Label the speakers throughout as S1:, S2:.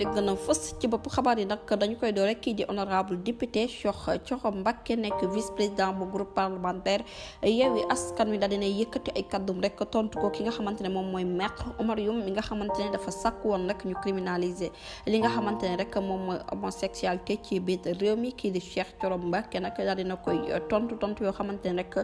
S1: li gën a fës ci bopp xabaar yi nag dañu koy doore kii di honorable député Cheikh Thioro Mbacké nekk vice président bu groupe parlementaire Yewwi Askan Wi daal dina yëkkati ay kàddum rek tontu ne moom mooy maître Oumar mi nga xamante ne dafa sàkk woon rek ñu criminaliser li nga xamante ne ci biir réew mi kii di Cheikh Thioro Mbacké nag daal dina koy tontu yoo xamante ne rek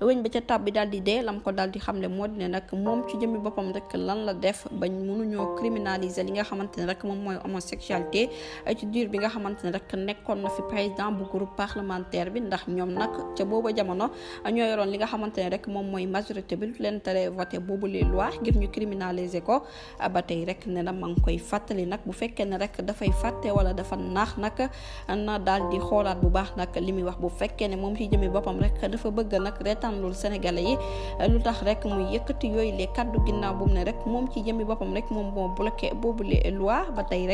S1: wéñ ba ca tab bi daal di dee lam ko daal di xamle moo di ne nag moom ci jëmmi boppam rek lan la def ba mënuñoo criminaliser li nga xamante ne moom mooy homosexualité ci diir bi nga xamante ne rek nekkoon na fi président bu groupe parlementaire bi ndax ñoom nag ca booba jamono ñoo yoroon li nga xamante ne rek moom mooy majorité bi leen tere voté boobu les lois ngir ñu criminaliser ko ba tey rek ne na ma ngi koy fàttali nag bu fekkee ne rek dafay fàtte wala dafa naax nag na daal di xoolaat bu baax nag li muy wax bu fekkee ne moom ci jëmi boppam rek dafa bëgg nag reetaanlul sénégalais yi lu tax rek mu yëkkati yooyu les kaddu ginnaaw bu ne rek moom ci jëmi boppam rek moom moo bloqué boobu les lois ba tey rek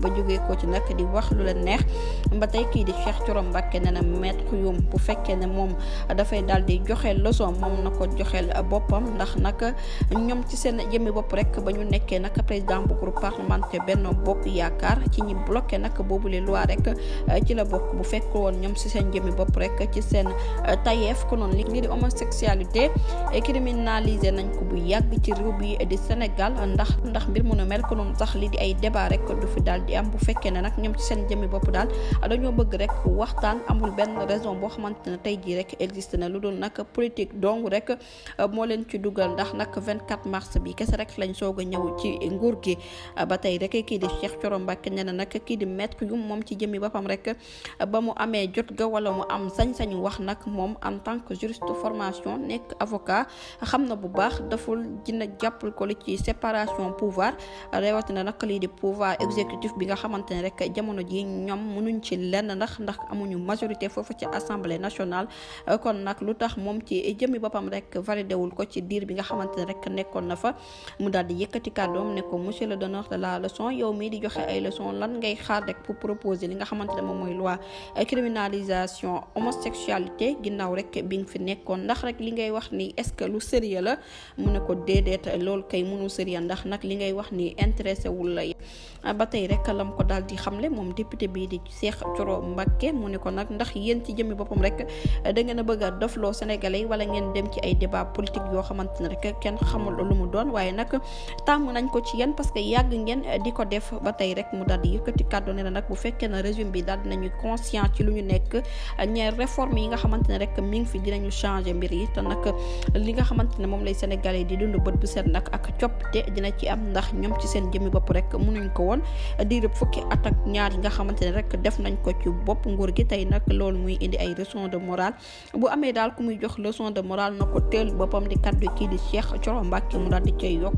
S1: ba jógee ko ci nag di wax lu la neex ba tey kii di Cheikh Thioro Mbacké nee na maître Khouyoum bu fekkee ne moom dafay daal di joxe leçon moom na ko joxeel boppam ndax nag ñoom ci seen yëmi bopp rek ba ñu nekkee nag président bu groupe parlementaire Benno Bokk Yaakaar ci ñi bloqué nag li loi rek ci la bokk bu fekk woon ñoom ci seen jëmmi bopp rek ci seen tayeef ko noonu li di homosexualité criminalisé nañ ko bu yàgg ci réew bi di Sénégal ndax ndax mbir mu nu mel ko noonu sax li di ay débat rek du fi daal di am bu fekkee ne nag ñoom ci seen jëmmi bopp daal dañoo bëgg rek waxtaan amul benn raison boo xamante ne tey jii rek existe na lu doon nag politique dong rek euh, moo leen ci dugal ndax nag 24 mars bi kese rek lañ soog a ñëw ci nguur gi euh, ba tey rek kii di Cheikh Thioro Mbacké nee na nag kii di maître moom ci jëmmi boppam rek euh, ba mu amee jot ga wala mu am sañ-sañu wax nag moom en tant que juriste formation nekk avocat xam na bu baax daful dina jàppal ko li ci séparation pouvoir lii di pouvoir exécutif bi nga xamante ne rek jamono ji ñoom mënuñ ci lenn ndax ndax amuñu majorité foofu ci assemblée nationale kon nag lu tax moom ci jëmmi boppam rek validé wul ko ci diir bi nga xamante ne rek nekkoon na fa mu daal di yëkkati kàddoom ne ko monsieur le donneur de la leçon yow mii di joxe ay leçon lan ngay xaar rek pour li nga xamante ne moom mooy loi criminalisation homosexualité ginnaaw rek bi nga fi nekkoon ndax rek li ngay wax ni est-ce que lu sérieux la mu ne ko déedéet loolu kay mënul sérieux ndax nag li ngay wax ni intéressé wul la ba tey rek nag lam ko daal di xamle moom député bii di Cheikh Thioro Mbacké mu ne ko nag ndax yéen ci jëmmi boppam a bëgg a dofloo sénégalais wala ngeen dem ci ay débat politique yoo xamante ne rek mu doon waaye nag tàmm ko ci yéen parce que yàgg ngeen di ko def ba tey rek mu daal di yëkkati kàddu ne nag bu fekkee na régime bi daal dinañu conscient ci lu ñu nekk ñaar réforme yi nga xamante ne rek mi ngi fi dinañu changer mbir yi te nag li nga xamante ne moom lay sénégalais di dund bët bu set nag ak coppite dina ci am ndax ñoom ci seen woon diirub fukki at ñaar yi nga xamante ne rek def nañ ko ci bopp nguur gi tey nag loolu muy indi ay leçon de morale bu amee daal ku muy jox leçon de morale na ko teel boppam di kat kaddu kii di Cheikh Thioro Mbacké mu daal di cay yokk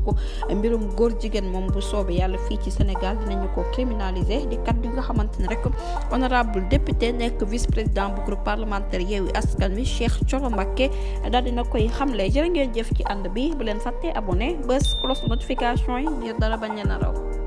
S1: mbirum góor jigéen moom bu soobee yàlla fii ci Sénégal dinañu ko criminaliser di kat yi nga xamante ne rek honorable député nekk vice président bu groupe parlementaire Yewwi Askan Wi Cheikh Thioro Mbacké daal dina koy xamle jër ngeen jëf ci ànd bi bu leen fàtte abonné bés cloche notification yi ngir bañ a raw